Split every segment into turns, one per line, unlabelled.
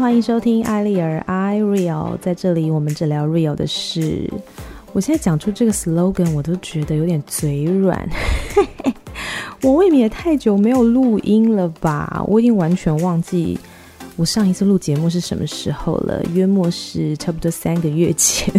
歡迎收聽艾麗兒，i r e a l 在這裡我們只聊 real 的事。我現在講出這個 slogan，我都覺得有點嘴軟。 我未免也太久沒有錄音了吧？我已經完全忘記我上一次錄節目是什麼時候了，約莫是差不多三個月前。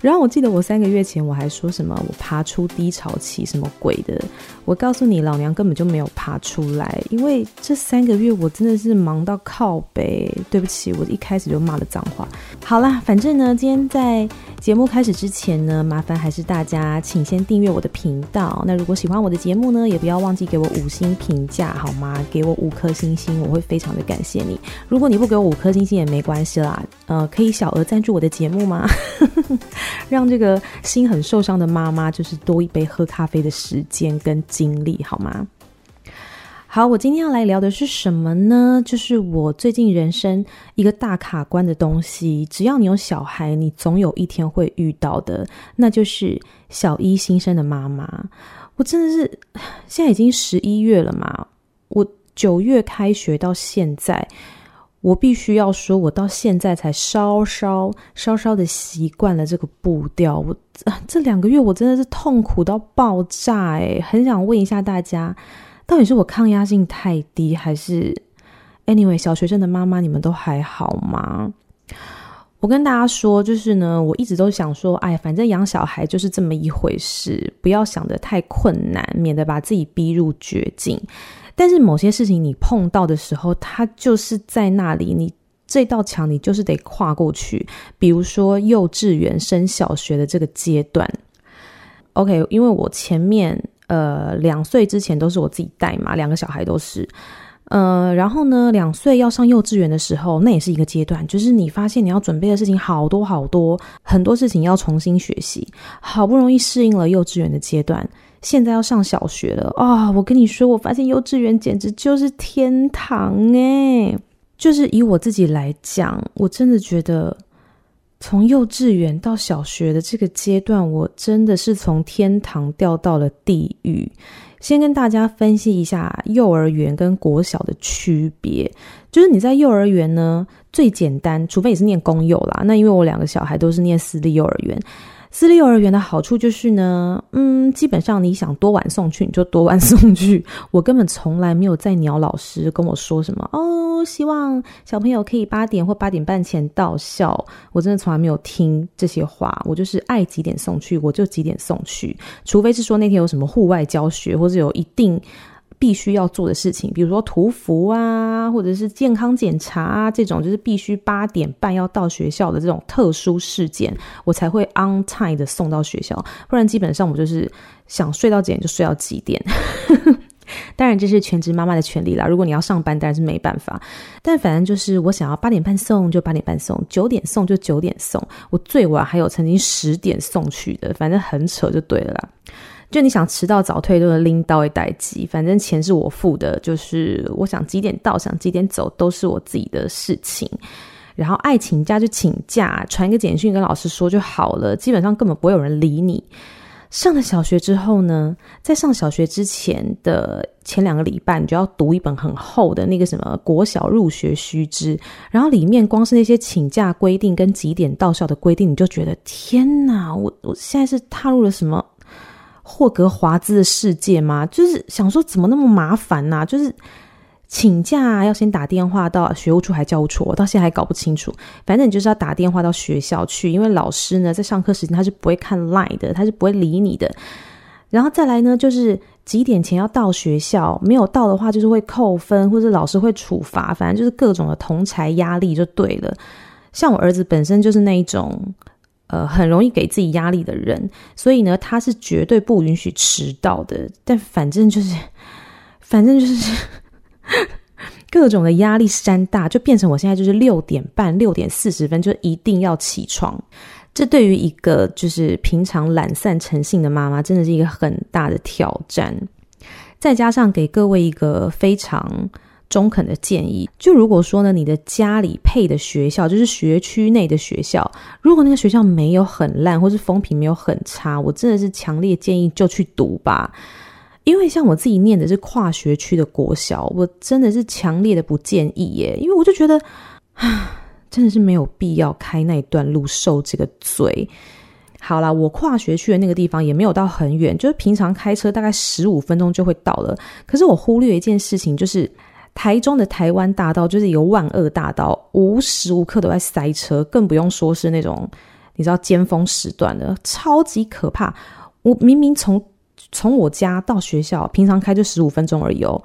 然後我記得我三個月前，我還說什麼我爬出低潮期什麼鬼的。我告訴你，老娘根本就沒有爬出來，因為這三個月我真的是忙到靠北。對不起，我一開始就罵了臟話。好啦，反正呢，今天在。節目開始之前呢，麻煩還是大家請先訂閱我的頻道。那如果喜歡我的節目呢，也不要忘記給我五星評價好嗎？給我五顆星星，我會非常的感謝你。如果你不給我五顆星星也沒關係啦，呃，可以小額贊助我的節目嗎？ 讓這個心很受傷的媽媽就是多一杯喝咖啡的時間跟精力好嗎？好，我今天要來聊的是什麼呢？就是我最近人生一個大卡關的東西。只要你有小孩，你總有一天會遇到的，那就是小一新生的媽媽。我真的是，現在已經十一月了嘛，我九月開學到現在，我必須要說，我到現在才稍稍稍稍的習慣了這個步調。我這兩個月，我真的是痛苦到爆炸誒、欸，很想問一下大家。到底是我抗壓性太低，還是 Anyway？小學生的媽媽，你們都還好嗎？我跟大家說，就是呢，我一直都想說，哎，反正養小孩就是這麼一回事，不要想得太困難，免得把自己逼入絕境。但是某些事情你碰到的時候，它就是在那裡，你這道牆你就是得跨過去。比如說幼稚園升小學的這個階段，OK，因為我前面。呃，兩歲之前都是我自己帶嘛，兩個小孩都是。呃，然後呢，兩歲要上幼稚園的時候，那也是一個階段，就是你發現你要準備的事情好多好多，很多事情要重新學習。好不容易適應了幼稚園的階段，現在要上小學了啊、哦！我跟你說，我發現幼稚園簡直就是天堂哎，就是以我自己來講，我真的覺得。從幼稚園到小學的這個階段，我真的是從天堂掉到了地獄。先跟大家分析一下幼兒園跟國小的區別，就是你在幼兒園呢，最簡單，除非你是念公幼啦，那因為我兩個小孩都是念私立幼兒園。私立幼兒園的好處就是呢，嗯，基本上你想多晚送去你就多晚送去，我根本從來沒有在鳥老師跟我說什麼哦，希望小朋友可以八點或八點半前到校，我真的從來沒有聽這些話，我就是愛幾點送去我就幾點送去，除非是說那天有什麼戶外教學或者有一定，必須要做的事情，比如說塗氟啊，或者是健康檢查啊，這種就是必須八點半要到學校的這種特殊事件，我才會 on time 的送到學校。不然基本上我就是想睡到幾點就睡到幾點。 當然這是全職媽媽的權利啦。如果你要上班，當然是沒辦法。但反正就是我想要八點半送就八點半送，九點送就九點送。我最晚還有曾經十點送去的，反正很扯就對了啦。就你想遲到、早退都是拎到一袋雞，反正錢是我付的，就是我想幾點到，想幾點走都是我自己的事情。然後愛請假就請假，傳一個簡訊跟老師說就好了，基本上根本不會有人理你。上了小學之後呢，在上小學之前的前兩個禮拜，你就要讀一本很厚的那個什麼國小入學須知，然後裡面光是那些請假規定跟幾點到校的規定，你就覺得天哪，我我現在是踏入了什麼？霍格華茲的世界嗎？就是想說，怎麼那麼麻煩呢、啊？就是請假、啊、要先打電話到學務處還教務處，我到現在還搞不清楚。反正你就是要打電話到學校去，因為老師呢在上課時間他是不會看 line 的，他是不會理你的。然後再來呢，就是幾點前要到學校，沒有到的話就是會扣分，或者老師會處罰，反正就是各種的同儕壓力就對了。像我兒子本身就是那一種。呃，很容易給自己壓力的人，所以呢，他是絕對不允許遲到的。但反正就是，反正就是各種的壓力山大，就變成我現在就是六點半、六點四十分就一定要起床。這對於一個就是平常懶散成性的媽媽，真的是一個很大的挑戰。再加上給各位一個非常。中肯的建議，就如果說呢，你的家裡配的學校就是學區內的學校，如果那個學校沒有很爛，或是風評沒有很差，我真的是強烈建議就去讀吧。因為像我自己念的是跨學區的國小，我真的是強烈的不建議耶，因為我就覺得啊，真的是沒有必要開那一段路受這個罪。好啦，我跨學區的那個地方也沒有到很遠，就是平常開車大概十五分鐘就會到了。可是我忽略一件事情，就是。台中的台灣大道就是由萬惡大道，無時無刻都在塞車，更不用說是那種你知道尖峰時段的，超級可怕。我明明從從我家到學校，平常開就十五分鐘而已哦，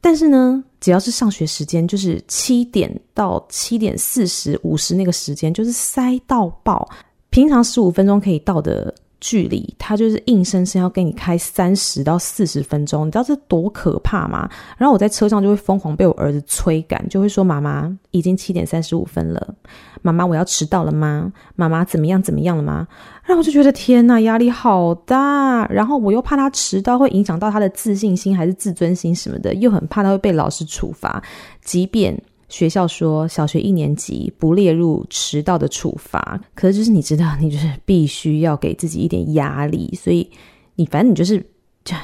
但是呢，只要是上學時間，就是七點到七點四十、五十那個時間，就是塞到爆。平常十五分鐘可以到的。距離他就是硬生生要跟你開三十到四十分鐘，你知道這多可怕嗎？然後我在車上就會瘋狂被我兒子催趕，就會說媽媽已經七點三十五分了，媽媽我要遲到了嗎？媽媽怎麼樣怎麼樣了嗎？然後我就覺得天哪，壓力好大。然後我又怕他遲到會影響到他的自信心還是自尊心什麼的，又很怕他會被老師處罰，即便。學校說小學一年級不列入遲到的處罰，可是就是你知道，你就是必須要給自己一點壓力，所以你反正你就是，就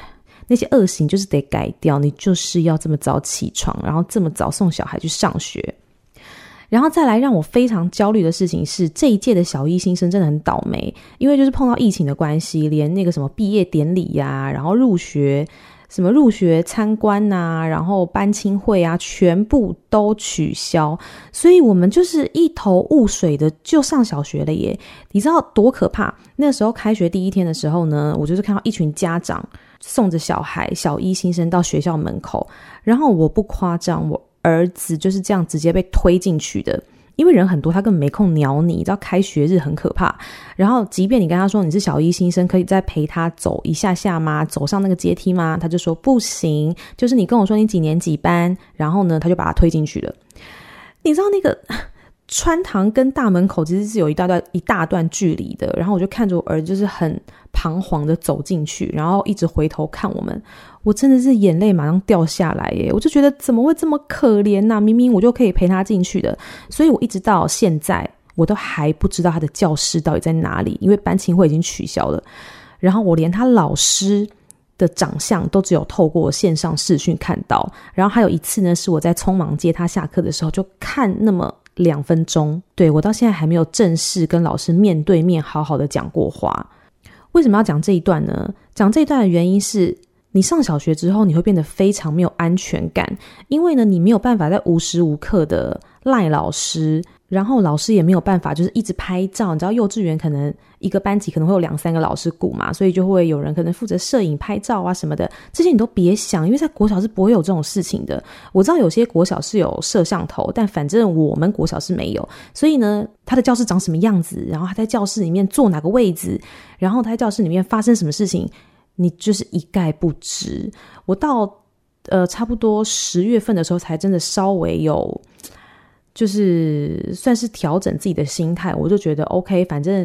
那些惡行，就是得改掉，你就是要這麼早起床，然後這麼早送小孩去上學，然後再來讓我非常焦慮的事情是這一屆的小一新生真的很倒霉因為就是碰到疫情的關係，連那個什麼畢業典禮呀、啊，然後入學。什麼入學參觀吶、啊，然後班親會啊，全部都取消，所以我們就是一頭霧水的就上小學了耶。你知道多可怕？那時候開學第一天的時候呢，我就是看到一群家長送着小孩小一新生到學校門口，然後我不誇張，我兒子就是這樣直接被推進去的。因為人很多，他根本沒空鳥你，你知道開學日很可怕。然後，即便你跟他說你是小一新生，可以再陪他走一下下嗎？走上那個階梯嗎？他就說不行。就是你跟我說你幾年幾班，然後呢，他就把他推進去了。你知道那個穿堂跟大門口其實是有一大段一大段距離的，然後我就看着我兒子，就是很。彷徨的走進去，然後一直回頭看我們，我真的是眼淚馬上掉下來耶！我就覺得怎麼會這麼可憐呢、啊？明明我就可以陪他進去的。所以我一直到現在，我都還不知道他的教室到底在哪裡，因為班情會已經取消了。然後我連他老師的長相都只有透過線上視訊看到。然後還有一次呢，是我在匆忙接他下課的時候，就看那麼兩分鐘。對，我到現在還沒有正式跟老師面對面好好的講過話。為什麼要講這一段呢？講這一段的原因是，你上小學之後，你會變得非常沒有安全感，因為呢，你沒有辦法再無時無刻的賴老師。然後老師也沒有辦法，就是一直拍照。你知道，幼稚園可能一個班級可能會有兩三個老師顧嘛，所以就會有人可能負責攝影拍照啊什麼的。這些你都別想，因為在國小是不會有這種事情的。我知道有些國小是有攝像頭，但反正我們國小是沒有。所以呢，他的教室長什麼樣子，然後他在教室裡面坐哪個位置，然後他在教室裡面發生什麼事情，你就是一概不知。我到呃差不多十月份的時候，才真的稍微有。就是算是調整自己的心態，我就覺得 OK。反正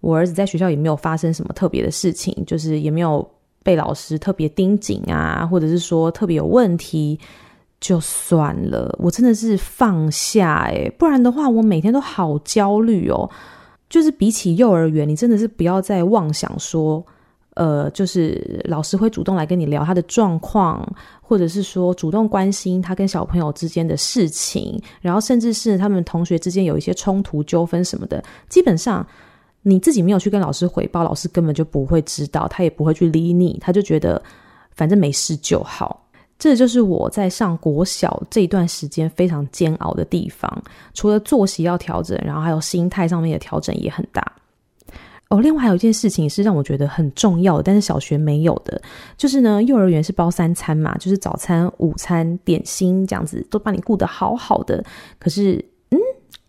我兒子在學校也沒有發生什麼特別的事情，就是也沒有被老師特別盯緊啊，或者是說特別有問題，就算了。我真的是放下誒，不然的話我每天都好焦慮哦。就是比起幼兒園，你真的是不要再妄想說。呃，就是老師會主動來跟你聊他的狀況，或者是說主動關心他跟小朋友之間的事情，然後甚至是他們同學之間有一些衝突糾紛什麼的，基本上你自己沒有去跟老師回報，老師根本就不會知道，他也不會去理你，他就覺得反正沒事就好。這就是我在上國小這段時間非常煎熬的地方，除了作息要調整，然後還有心態上面的調整也很大。哦，另外還有一件事情是讓我覺得很重要的，但是小學沒有的，就是呢，幼兒園是包三餐嘛，就是早餐、午餐、點心這樣子，都幫你顧得好好的。可是，嗯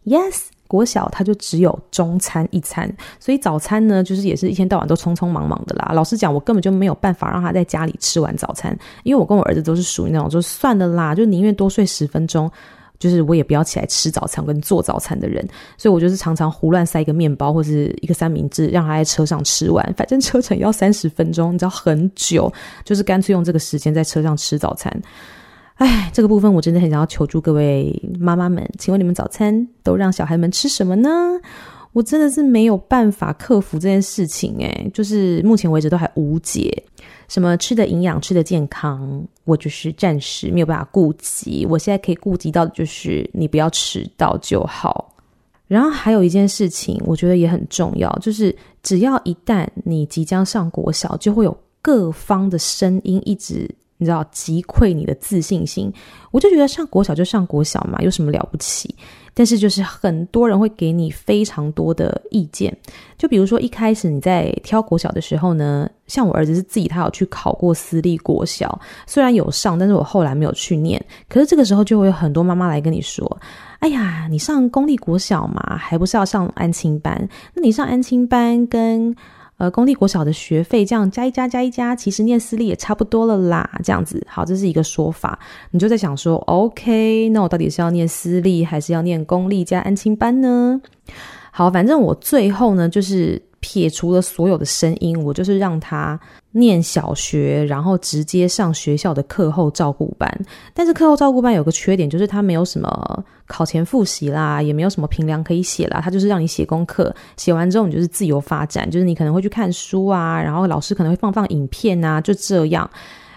，yes，國小他就只有中餐一餐，所以早餐呢，就是也是一天到晚都匆匆忙忙的啦。老實講，我根本就沒有辦法讓他在家裡吃完早餐，因為我跟我兒子都是屬於那種，就算了啦，就寧願多睡十分鐘。就是我也不要起來吃早餐跟做早餐的人，所以我就是常常胡亂塞一個麵包或是一個三明治，讓他在車上吃完。反正車程要三十分鐘，你知道很久，就是乾脆用這個時間在車上吃早餐。哎，這個部分我真的很想要求助各位媽媽們，請問你們早餐都讓小孩們吃什麼呢？我真的是沒有辦法克服這件事情，欸，哎，就是目前為止都還無解。什麼吃的營養，吃的健康，我就是暫時沒有辦法顧及。我現在可以顧及到的就是你不要遲到就好。然後還有一件事情，我覺得也很重要，就是只要一旦你即將上國小，就會有各方的聲音一直，你知道擊潰你的自信心。我就覺得上國小就上國小嘛，有什麼了不起？但是就是很多人會給你非常多的意見，就比如說一開始你在挑國小的時候呢，像我兒子是自己他有去考過私立國小，雖然有上，但是我後來沒有去念。可是這個時候就會有很多媽媽來跟你說：“哎呀，你上公立國小嘛，還不是要上安親班？那你上安親班跟……”呃，公立國小的學費這樣加一加，加一加，其實念私立也差不多了啦。這樣子，好，這是一個說法。你就在想說，OK，那我到底是要念私立還是要念公立加安親班呢？好，反正我最後呢就是。撇除了所有的聲音，我就是讓他念小學，然後直接上學校的課後照顧班。但是課後照顧班有個缺點，就是他沒有什麼考前複習啦，也沒有什麼評量可以寫啦，他就是讓你寫功課，寫完之後你就是自由發展，就是你可能會去看書啊，然後老師可能會放放影片啊，就這樣。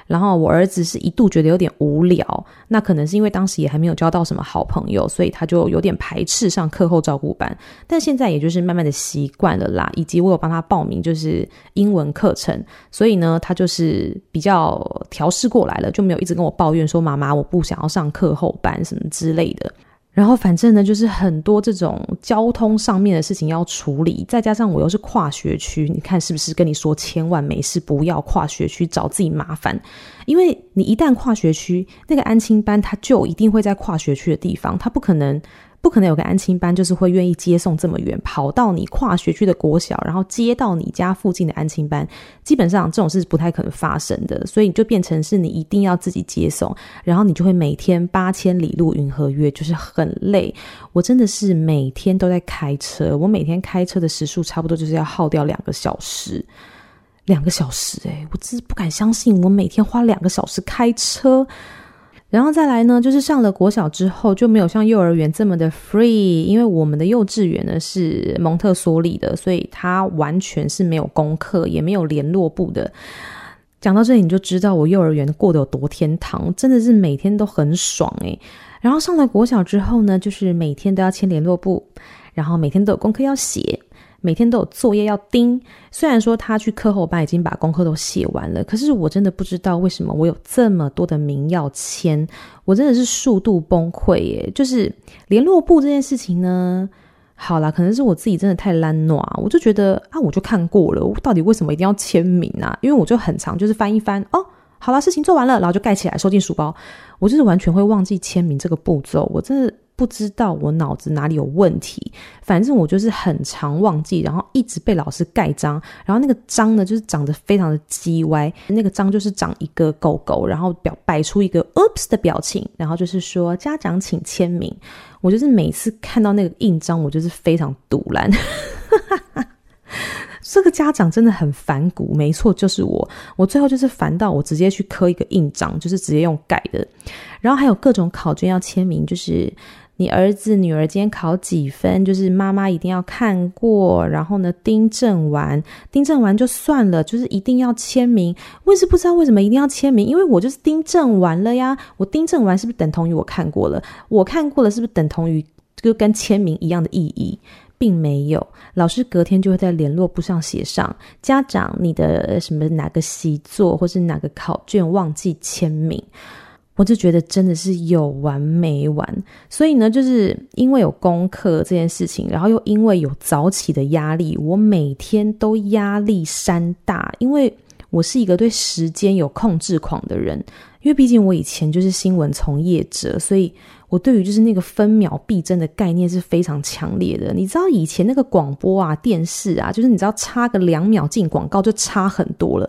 然後我兒子是一度覺得有點無聊，那可能是因為當時也還沒有交到什麼好朋友，所以他就有點排斥上課後照顧班。但現在也就是慢慢的習慣了啦，以及我有幫他報名就是英文課程，所以呢，他就是比較調試過來了，就沒有一直跟我抱怨說，媽媽我不想要上課後班什麼之類的。然後反正呢，就是很多這種交通上面的事情要處理，再加上我又是跨學區，你看是不是？跟你說千萬沒事，不要跨學區找自己麻煩，因為你一旦跨學區，那個安親班他就一定會在跨學區的地方，他不可能。不可能有個安親班，就是會願意接送這麼遠，跑到你跨學區的國小，然後接到你家附近的安親班。基本上這種事不太可能發生的，所以你就變成是你一定要自己接送，然後你就會每天八千里路雲和月，就是很累。我真的是每天都在開車，我每天開車的時速差不多就是要耗掉兩個小時，兩個小時誒、欸，我真是不敢相信，我每天花兩個小時開車。然後再來呢，就是上了國小之後就沒有像幼兒園這麼的 free，因為我們的幼稚園呢是蒙特梭利的，所以它完全是沒有功課，也沒有聯絡簿的。講到這裡你就知道我幼兒園過得有多天堂，真的是每天都很爽誒、欸。然後上了國小之後呢，就是每天都要簽聯絡簿，然後每天都有功課要寫。每天都有作業要盯，雖然說他去課後班已經把功課都寫完了，可是我真的不知道為什麼我有這麼多的名要簽，我真的是速度崩潰耶！就是聯絡簿這件事情呢，好啦，可能是我自己真的太懶惰、啊，我就覺得啊，我就看過了，我到底為什麼一定要簽名啊？因為我就很常，就是翻一翻哦，好了，事情做完了，然後就蓋起來收進書包，我就是完全會忘記簽名這個步驟，我真的。不知道我腦子哪裡有問題，反正我就是很常忘記，然後一直被老師蓋章，然後那個章呢就是長得非常的機歪，那個章就是長一個狗狗，然後表擺出一個 Oops 的表情，然後就是說家長請簽名。我就是每次看到那個印章，我就是非常賭爛。 這個家長真的很反骨，沒錯，就是我。我最後就是煩到我直接去刻一個印章，就是直接用蓋的，然後還有各種考卷要簽名，就是。你兒子、女兒今天考幾分？就是媽媽一定要看過，然後呢，訂正完，訂正完就算了。就是一定要簽名。我也是不知道為什麼一定要簽名，因為我就是訂正完了呀。我訂正完是不是等同於我看過了？我看過了是不是等同於這個跟簽名一樣的意義？並沒有。老師隔天就會在聯絡簿上寫上家長，你的什麼哪個習作或是哪個考卷忘記簽名。我就覺得真的是有完沒完，所以呢，就是因為有功課這件事情，然後又因為有早起的壓力，我每天都壓力山大。因為我是一個對時間有控制狂的人，因為畢竟我以前就是新聞從業者，所以我對於就是那個分秒必爭的概念是非常強烈的。你知道以前那個廣播啊、電視啊，就是你知道差個兩秒進廣告就差很多了。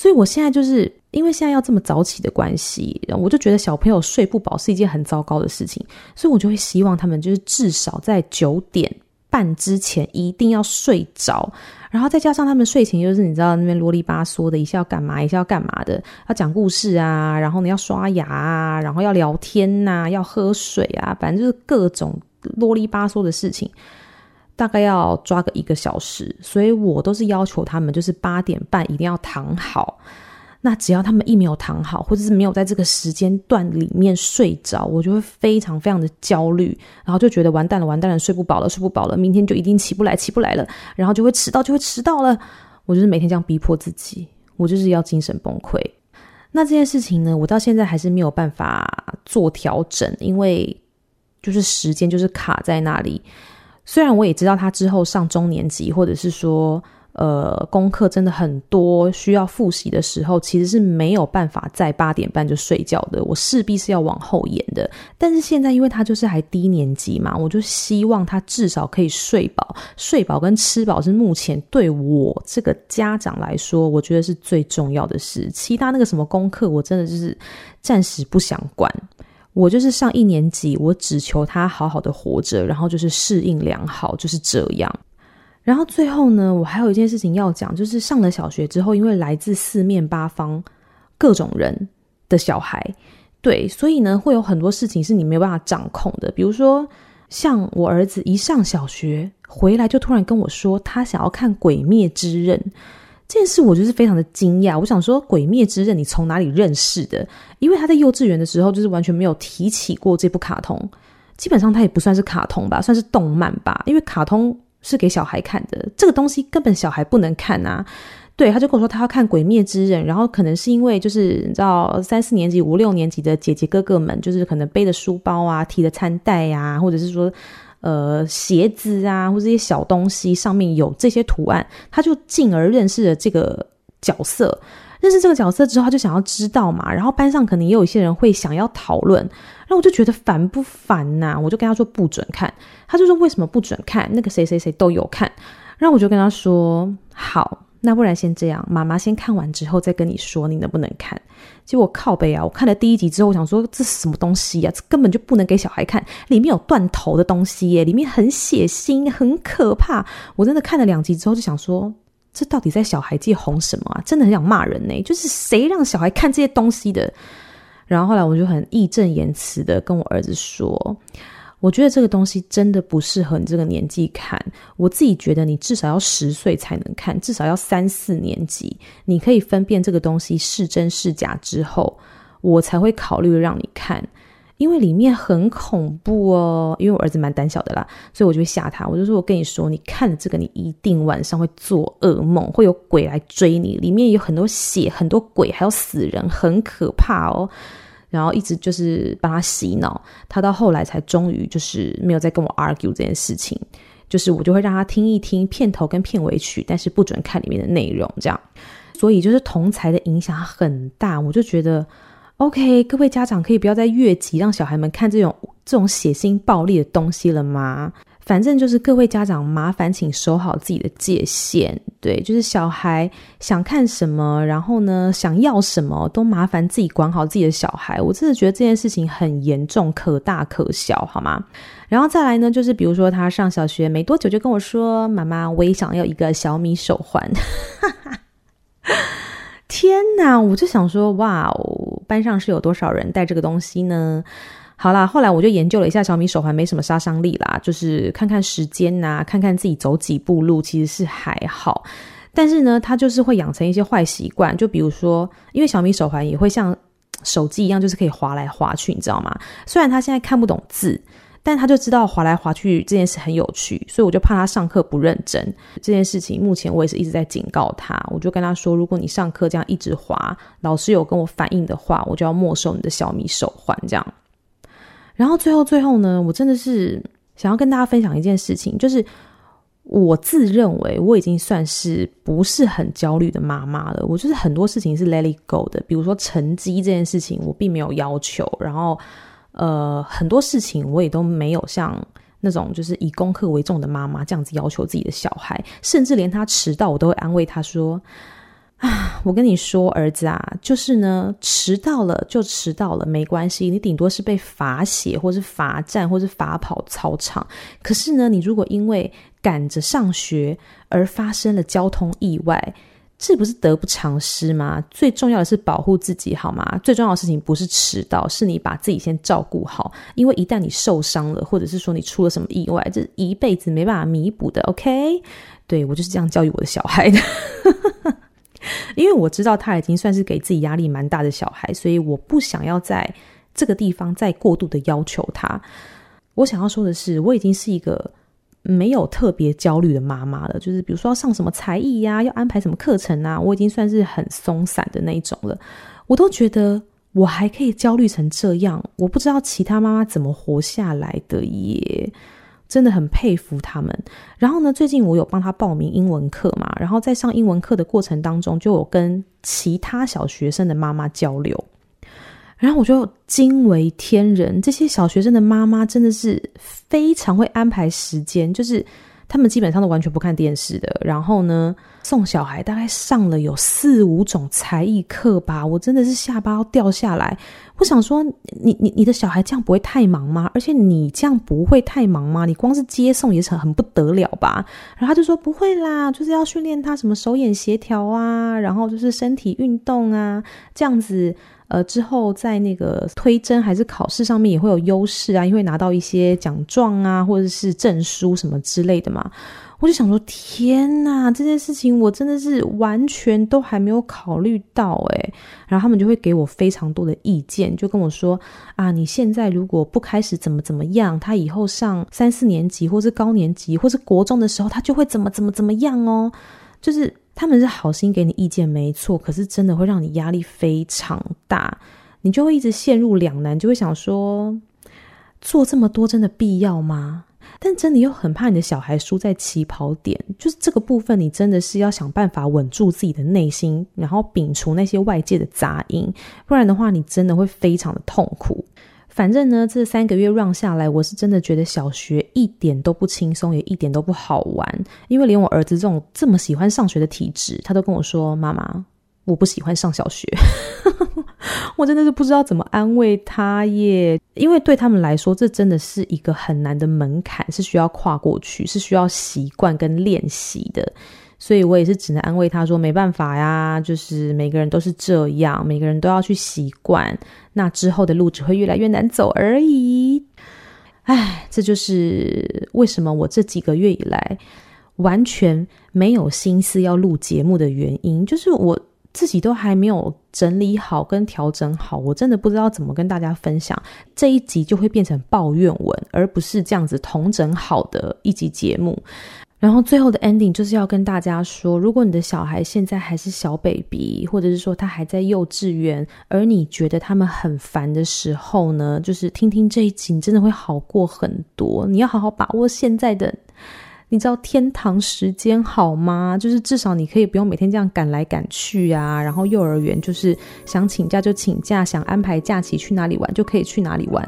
所以，我現在就是因為現在要這麼早起的關係，我就覺得小朋友睡不飽是一件很糟糕的事情，所以我就會希望他們就是至少在九點半之前一定要睡着，然後再加上他們睡前就是你知道那邊囉里吧嗦的，一下要幹嘛，一下要幹嘛的，要講故事啊，然後呢要刷牙啊，然後要聊天啊，要喝水啊，反正就是各種囉里吧嗦的事情。大概要抓個一個小時，所以我都是要求他們，就是八點半一定要躺好。那只要他們一沒有躺好，或者是沒有在這個時間段裡面睡着，我就會非常非常的焦慮，然後就覺得完蛋了，完蛋了，睡不飽了，睡不飽了，明天就一定起不來，起不來了，然後就會遲到，就會遲到了。我就是每天這樣逼迫自己，我就是要精神崩潰。那這件事情呢，我到現在還是沒有辦法做調整，因為就是時間就是卡在那裡。雖然我也知道他之後上中年級，或者是說，呃，功課真的很多，需要複習的時候，其實是沒有辦法在八點半就睡覺的。我勢必是要往後延的。但是現在，因為他就是還低年級嘛，我就希望他至少可以睡飽。睡飽跟吃飽是目前對我這個家長來說，我覺得是最重要的事。其他那個什麼功課，我真的就是暫時不想管。我就是上一年級，我只求他好好的活着，然後就是適應良好，就是這樣。然後最後呢，我還有一件事情要講，就是上了小學之後，因為來自四面八方各種人的小孩，對，所以呢，會有很多事情是你沒有辦法掌控的。比如說，像我兒子一上小學回來，就突然跟我說，他想要看《鬼滅之刃》。這件事我就是非常的驚訝，我想說《鬼滅之刃》你從哪裡認識的？因為他在幼稚園的時候就是完全沒有提起過這部卡通，基本上他也不算是卡通吧，算是動漫吧，因為卡通是給小孩看的，這個東西根本小孩不能看啊。對，他就跟我說他要看《鬼滅之刃》，然後可能是因為就是你知道三四年級、五六年級的姐姐哥哥們，就是可能背着書包啊、提着餐袋啊，或者是說。呃，鞋子啊，或這些小東西上面有這些圖案，他就進而認識了這個角色。認識這個角色之後，他就想要知道嘛。然後班上可能也有一些人會想要討論，那我就覺得煩不煩吶？我就跟他說不准看，他就說為什麼不准看？那個誰誰誰都有看，然後我就跟他說好。那不然先這樣，媽媽先看完之後再跟你說，你能不能看？結果我靠背啊，我看了第一集之後，我想說這什麼東西啊？這根本就不能給小孩看，裡面有斷頭的東西耶，裡面很血腥，很可怕。我真的看了兩集之後就想說，這到底在小孩界紅什麼啊？真的很想罵人呢，就是誰讓小孩看這些東西的？然後後來我就很義正言辭的跟我兒子說。我覺得這個東西真的不適合你這個年紀看。我自己覺得你至少要十歲才能看，至少要三四年級，你可以分辨這個東西是真是假之後，我才會考慮讓你看，因為裡面很恐怖哦。因為我兒子蠻膽小的啦，所以我就會嚇他，我就說：我跟你說，你看了這個，你一定晚上會做噩夢，會有鬼來追你，裡面有很多血，很多鬼，還有死人，很可怕哦。然後一直就是幫他洗腦，他到後來才終於就是沒有再跟我 argue 這件事情，就是我就會讓他聽一聽片頭跟片尾曲，但是不准看裡面的內容這樣。所以就是同儕的影響很大，我就覺得，OK，各位家長可以不要再越級讓小孩們看這種這種血腥暴力的東西了嗎？反正就是各位家長，麻煩請守好自己的界限，對，就是小孩想看什麼，然後呢，想要什麼，都麻煩自己管好自己的小孩。我真的覺得這件事情很嚴重，可大可小，好嗎？然後再來呢，就是比如說他上小學沒多久，就跟我說：“媽媽，我也想要一個小米手環。 ”天哪，我就想說，哇哦，班上是有多少人戴這個東西呢？好啦，後來我就研究了一下小米手環，沒什麼殺傷力啦,就是看看時間吶、啊,看看自己走幾步路，其實是還好。但是呢，他就是會養成一些壞習慣，就比如說，因為小米手環也會像手機一樣，就是可以滑來滑去，你知道嗎？雖然他現在看不懂字，但他就知道滑來滑去這件事很有趣，所以我就怕他上課不認真。這件事情目前我也是一直在警告他，我就跟他說，如果你上課這樣一直滑，老師有跟我反映的話，我就要沒收你的小米手環，這樣。然後最後最後呢，我真的是想要跟大家分享一件事情，就是我自認為我已經算是不是很焦慮的媽媽了。我就是很多事情是 let it go 的，比如說成績這件事情，我並沒有要求。然後，呃，很多事情我也都沒有像那種就是以功課為重的媽媽這樣子要求自己的小孩，甚至連他遲到，我都會安慰他說，啊，我跟你說，兒子啊，就是呢，遲到了就遲到了，沒關係，你頂多是被罰寫，或是罰站，或是罰跑操場。可是呢，你如果因為趕着上學而發生了交通意外，這不是得不償失嗎？最重要的是保護自己，好嗎？最重要的事情不是遲到，是你把自己先照顧好。因為一旦你受傷了，或者是說你出了什麼意外，這一輩子沒辦法彌補的。OK，對，我就是這樣教育我的小孩的。 因為我知道他已經算是給自己壓力蠻大的小孩，所以我不想要在這個地方再過度的要求他。我想要說的是，我已經是一個沒有特別焦慮的媽媽了。就是比如說要上什麼才藝呀，啊，要安排什麼課程啊，我已經算是很鬆散的那一種了。我都覺得我還可以焦慮成這樣，我不知道其他媽媽怎麼活下來的耶。真的很佩服他們。然後呢，最近我有幫他報名英文課嘛，然後在上英文課的過程當中，就有跟其他小學生的媽媽交流，然後我就驚為天人，這些小學生的媽媽真的是非常會安排時間，就是他們基本上都完全不看電視的。然後呢。送小孩大概上了有四五種才藝課吧，我真的是下巴要掉下來。我想說你，你你你的小孩這樣不會太忙嗎？而且你這樣不會太忙嗎？你光是接送也是很不得了吧？然後他就說不會啦，就是要訓練他什麼手眼協調啊，然後就是身體運動啊，這樣子呃之後在那個推甄還是考試上面也會有優勢啊，因為拿到一些獎狀啊或者是證書什麼之類的嘛。我就想說，天哪，這件事情我真的是完全都還沒有考慮到誒。然後他們就會給我非常多的意見，就跟我說啊，你現在如果不開始怎麼怎麼樣，他以後上三四年級，或是高年級，或是國中的時候，他就會怎麼怎麼怎麼樣哦。就是他們是好心給你意見沒錯，可是真的會讓你壓力非常大，你就會一直陷入兩難，就會想說，做這麼多真的必要嗎？但真的又很怕你的小孩輸在起跑點，就是這個部分，你真的是要想辦法穩住自己的內心，然後摒除那些外界的雜音，不然的話，你真的會非常的痛苦。反正呢，這三個月讓下來，我是真的覺得小學一點都不輕鬆，也一點都不好玩，因為連我兒子這種這麼喜歡上學的體質，他都跟我說：“媽媽，我不喜歡上小學。 ”我真的是不知道怎麼安慰他耶，因為對他們來說，這真的是一個很難的門檻，是需要跨過去，是需要習慣跟練習的。所以我也是只能安慰他說：“沒辦法呀，就是每個人都是這樣，每個人都要去習慣，那之後的路只會越來越難走而已。”唉，這就是為什麼我這幾個月以來完全沒有心思要錄節目的原因，就是我。自己都還沒有整理好跟調整好，我真的不知道怎麼跟大家分享，這一集就會變成抱怨文，而不是這樣子統整好的一集節目。然後最後的 ending 就是要跟大家說，如果你的小孩現在還是小 baby，或者是說他還在幼稚園，而你覺得他們很煩的時候呢，就是聽聽這一集，你真的會好過很多。你要好好把握現在的。你知道天堂時間好嗎？就是至少你可以不用每天這樣趕來趕去啊，然後幼兒園就是想請假就請假，想安排假期去哪裡玩就可以去哪裡玩。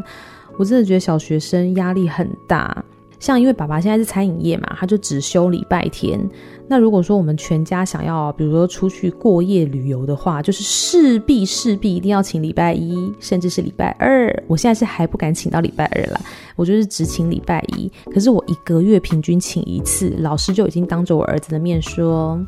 我真的覺得小學生壓力很大。像因為爸爸現在是餐飲業嘛，他就只休禮拜天。那如果說我們全家想要，比如說出去過夜旅遊的話，就是勢必勢必一定要請禮拜一，甚至是禮拜二。我現在是還不敢請到禮拜二了，我就是只請禮拜一。可是我一個月平均請一次，老師就已經當着我兒子的面說。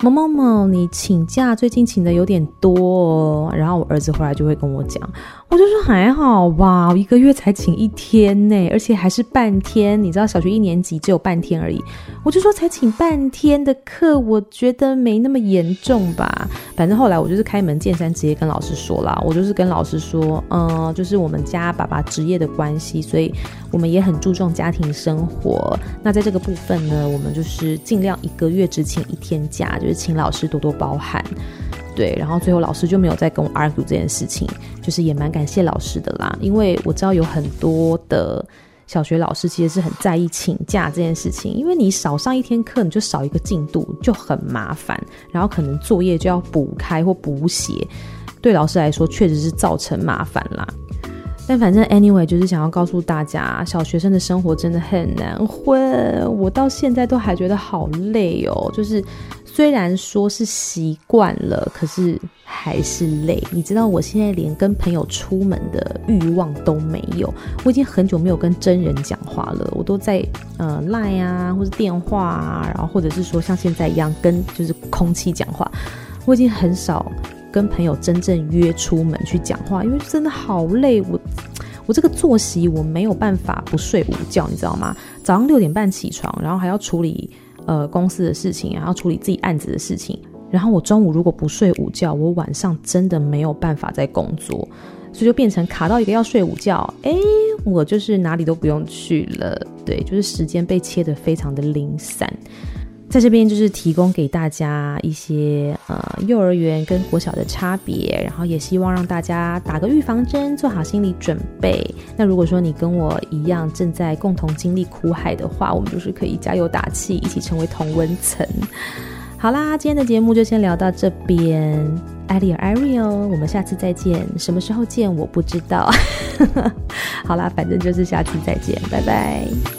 某某某，你請假最近請的有點多哦。然後我兒子後來就會跟我講，我就說還好吧，我一個月才請一天呢，而且還是半天，你知道小學一年級只有半天而已。我就說才請半天的課，我覺得沒那麼嚴重吧。反正後來我就是開門見山，直接跟老師說了，我就是跟老師說，嗯，就是我們家爸爸職業的關係，所以我們也很注重家庭生活。那在這個部分呢，我們就是盡量一個月只請一天假。就請老師多多包涵，對，然後最後老師就沒有再跟我 argue 這件事情，就是也蠻感謝老師的啦。因為我知道有很多的小學老師其實是很在意請假這件事情，因為你少上一天課，你就少一個進度，就很麻煩，然後可能作業就要補開或補寫，對老師來說確實是造成麻煩啦。但反正 anyway 就是想要告訴大家，小學生的生活真的很難混，我到現在都還覺得好累哦，就是。雖然說是習慣了，可是還是累。你知道我現在連跟朋友出門的欲望都沒有。我已經很久沒有跟真人講話了，我都在呃 LINE 啊，或者電話啊，然後或者是說像現在一樣跟就是空氣講話。我已經很少跟朋友真正約出門去講話，因為真的好累。我我這個作息我沒有辦法不睡午覺，你知道嗎？早上六點半起床，然後還要處理。呃，公司的事情，然後處理自己案子的事情，然後我中午如果不睡午覺，我晚上真的沒有辦法再工作，所以就變成卡到一個要睡午覺，哎，我就是哪裡都不用去了，對，就是時間被切得非常的零散。在這邊就是提供給大家一些呃幼兒園跟國小的差別，然後也希望讓大家打個預防針，做好心理準備。那如果說你跟我一樣正在共同經歷苦海的話，我們就是可以加油打氣，一起成為同溫層。好啦，今天的節目就先聊到這邊，艾莉爾艾瑞哦，我們下次再見，什麼時候見我不知道。 好啦，反正就是下次再見，拜拜。